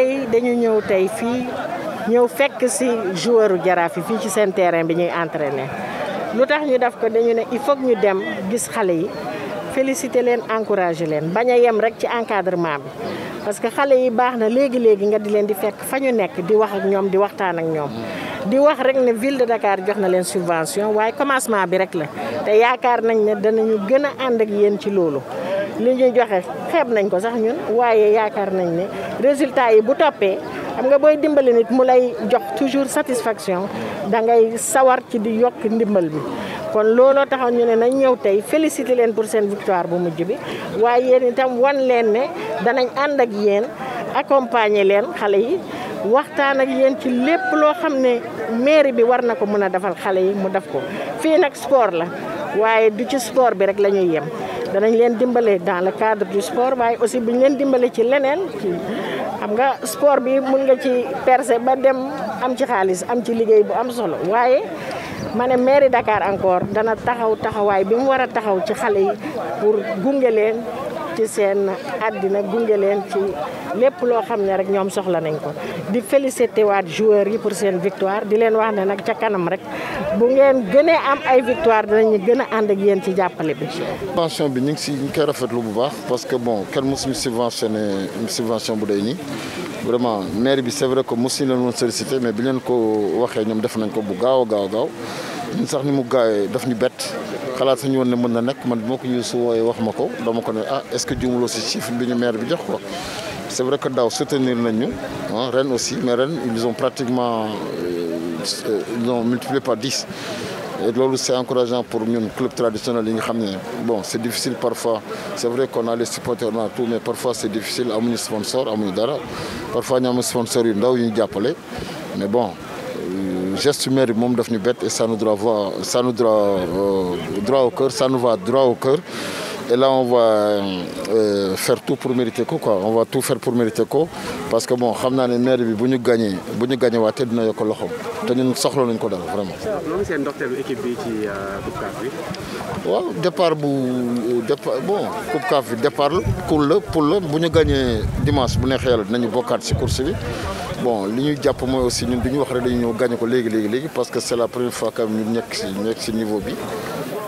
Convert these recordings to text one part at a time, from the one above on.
tey dañu ñëw tey fii ñëw fekk si joueur jaraaf yi fii ci seen terrain bi ñuy entraîner lu tax ñu def ko dañu ne il faut ñu dem gis xale yi féliciter leen encourager leen bañ a yem rek ci encadrement bi. parce que xale yi baax na léegi léegi nga di leen di fekk fa ñu nekk di wax ak ñoom di waxtaan ak ñoom. di wax rek ne ville de Dakar jox na leen subvention waaye commencement bi rek la te yaakaar nañ ne danañu gën a ànd ak yéen ci loolu. li ñuy joxe xeb nañ ko sax ñun waaye yaakar nañ ne résultat yi bu topé xam nga boy dimbali nit mu lay jox toujours satisfaction da ngay sawar ci di yok ndimbal bi kon lolo taxaw ñu ne nañ ñew tay féliciter leen pour sen victoire bu mujj bi waaye yeen itam wan leen ne danañ and ak yeen accompagner leen xalé yi waxtaan ak yeen ci lepp lo xamne ne bi war na ko mën a defal yi mu def ko fi nak sport la waaye du ci sport bi rek lañuy yem danañ leen dimbale dans le cadre du sport waaye aussi buñ leen dimbale ci leneen ci xam nga sport bi mun nga ci percer ba dem am ci xaalis am ci liggéey bu am solo waaye ma ne mairie Dakar encore dana taxaw taxawaay bi mu war a taxaw ci xale yi pour gunge leen ci seen àddina gunge leen ci lépp loo xam ne rek ñoom soxla nañ ko di félicité waat joueur yi pour seen victoire di leen wax ne nag ca kanam rek bu ngeen gënee am ay victoire dinañu gën a ànd ak yéen ci jàppale bi. subvention bi ñu ngi si ñu koy rafetlu bu baax parce que bon kenn mosuñu subventionné subvention bu day nii vraiment maire bi c'est vrai que mosuñu leen woon sollicité mais bi leen ko waxee ñoom def nañ ko bu gaaw gaaw gaaw ñun sax ni mu gaawee daf ñu bett xalaat sañu woon ne mën man ko wax ah, est-ce que nous avons chiffre bi ñu c'est vrai que daaw soutenir nañ hein, ah, ren aussi mais Rennes ils ont pratiquement euh, ils ont multiplié par 10. et c'est encourageant pour ñun club traditionnel yi bon c'est difficile parfois c'est vrai qu'on a les supporters on a tout mais parfois c'est difficile amuñu sponsor amuñu dara parfois ñu am sponsor yu ndaw yu ñu mais bon geste humain bi moom daf et ça nous droit ça nous droit euh, droit au cœur ça nous va droit au cœur et là on va euh, faire tout pour mériter ko quoi on va tout faire pour mériter quoi. parce que bon xam naa ne maire bi bu ñu gagné bu ñu gagné waatee dina yokk loxoom te ñun soxla nañ ko daal vraiment. moom seen ndorteelu équipe bi ci euh, Coupe CAF bi. waaw départ bu départ bon Coupe CAF bi départ pour le, pour le, la bu ñu gagné dimanche bu neexee yàlla dinañu bokkaat si course bi bon li ñuy aussi nous devons parce que c'est la première fois que nous nekk ce niveau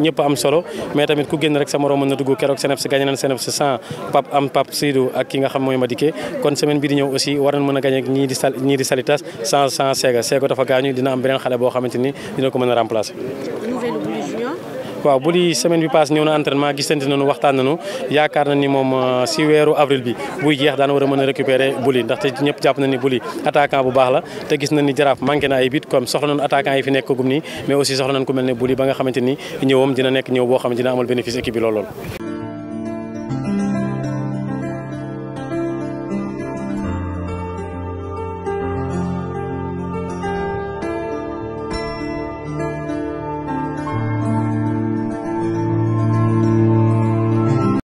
ñëpp am solo mais tamit ku génn rek sa morom na dugg keroog CNEPS gagné nañ CNEPS sans Pape am Pape Seydou ak ki nga xam mooy Madické kon semaine bi di ñëw aussi war nañ mën a gagné ñii di sal ñii di Salitas sans sans Sega Sega dafa gaañu dina am beneen xale boo xamante ni dina ko mën a remplacer waaw bu di semaine bi passe ñëw na entraînement gisante nañu waxtaan nañu yaakaar na ni moom euh, si weeru avril bi buy jeex daana war a mën a récupérer Bouly ndaxte ñëpp jàpp na ni Bouly attaquant bu baax la te gis na ni jaraaf manqué na ay bit comme soxla nañu attaquant yi fi nekk gum nii mais aussi soxla nañu ku mel ne Bouly ba nga xamante ni ñëwam dina nekk ñëw boo xam dina amal bénéfice équipe bi lool